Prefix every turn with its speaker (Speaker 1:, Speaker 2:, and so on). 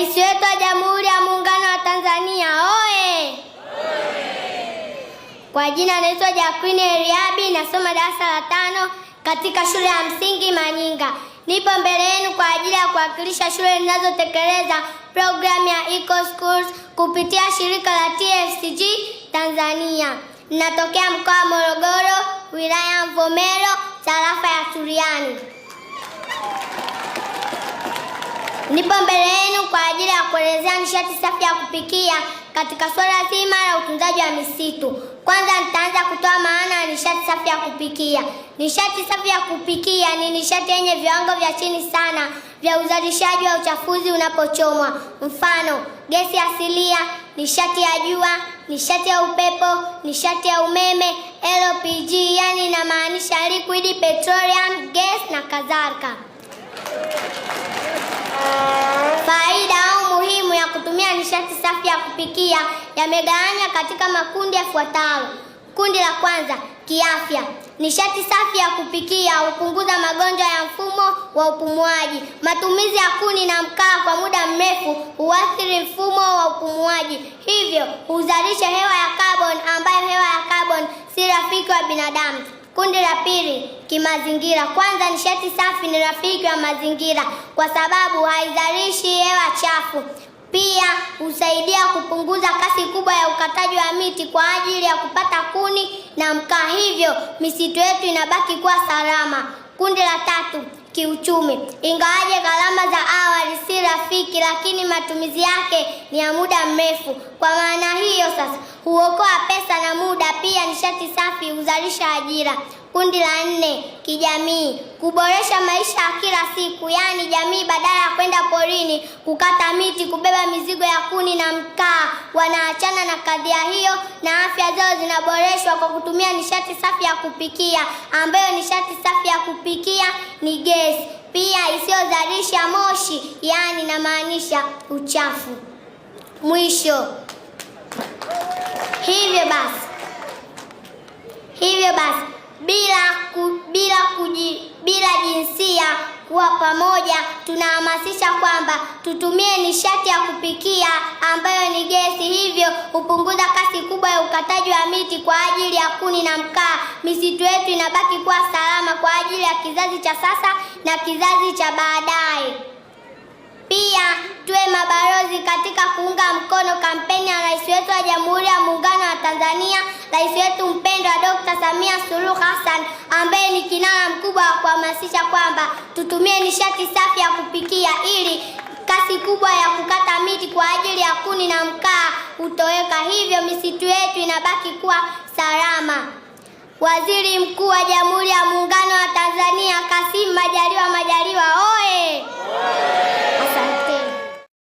Speaker 1: Rais wetu wa Jamhuri ya Muungano wa Tanzania oye! Kwa jina naitwa Jacqueline Eliabi, nasoma darasa la tano katika shule ya msingi Manyinga. Nipo mbele yenu kwa ajili ya kuwakilisha shule zinazotekeleza programu ya Eco Schools kupitia shirika la TFCG Tanzania. Natokea mkoa wa Morogoro, wilaya ya Mvomero, tarafa ya Turiani. Nipo mbele yenu kwa ajili ya kuelezea nishati safi ya kupikia katika suala zima la utunzaji wa misitu. Kwanza nitaanza kutoa maana ya nishati safi ya kupikia. Nishati safi ya kupikia ni nishati yenye viwango vya chini sana vya uzalishaji wa uchafuzi unapochomwa. Mfano, gesi asilia, nishati ya jua, nishati ya upepo, nishati ya umeme, LPG, yani inamaanisha liquid petroleum gas na kadhalika. safi ya kupikia yamegawanywa katika makundi yafuatayo. Kundi la kwanza, kiafya. Nishati safi ya kupikia hupunguza magonjwa ya mfumo wa upumuaji. Matumizi ya kuni na mkaa kwa muda mrefu huathiri mfumo wa upumuaji, hivyo huzalisha hewa ya carbon, ambayo hewa ya carbon si rafiki wa binadamu. Kundi la pili, kimazingira. Kwanza, nishati safi ni rafiki wa mazingira kwa sababu haizalishi hewa chafu. Pia husaidia kupunguza kasi kubwa ya ukataji wa miti kwa ajili ya kupata kuni na mkaa, hivyo misitu yetu inabaki kuwa salama. Kundi la tatu, kiuchumi. Ingawaje gharama za awali si rafiki, lakini matumizi yake ni ya muda mrefu. Kwa maana hiyo sasa, huokoa pesa na muda. Pia nishati safi huzalisha ajira. Kundi la nne, kijamii: kuboresha maisha ya kila siku, yaani jamii badala ya kwenda porini kukata miti, kubeba mizigo ya kuni na mkaa, wanaachana na kadhia hiyo, na afya zao zinaboreshwa kwa kutumia nishati safi ya kupikia, ambayo nishati safi ya kupikia ni gesi pia isiyozalisha moshi, yaani inamaanisha uchafu. Mwisho hivyo basi, hivyo basi bila, ku, bila, kuji, bila jinsia kuwa pamoja. Tunahamasisha kwamba tutumie nishati ya kupikia ambayo ni gesi, hivyo hupunguza kasi kubwa ya ukataji wa miti kwa ajili ya kuni na mkaa. Misitu yetu inabaki kuwa salama kwa ajili ya kizazi cha sasa na kizazi cha baadaye. Pia tuwe mabalozi katika kuunga mkono kampeni ya Rais wetu wa Jamhuri rais wetu mpendwa Dkt. Samia Suluhu Hassan ambaye ni kinara mkubwa wa kuhamasisha kwamba tutumie nishati safi ya kupikia ili kasi kubwa ya kukata miti kwa ajili ya kuni na mkaa hutoweka, hivyo misitu yetu inabaki kuwa salama. Waziri Mkuu wa Jamhuri ya Muungano wa Tanzania Kassim Majaliwa Majaliwa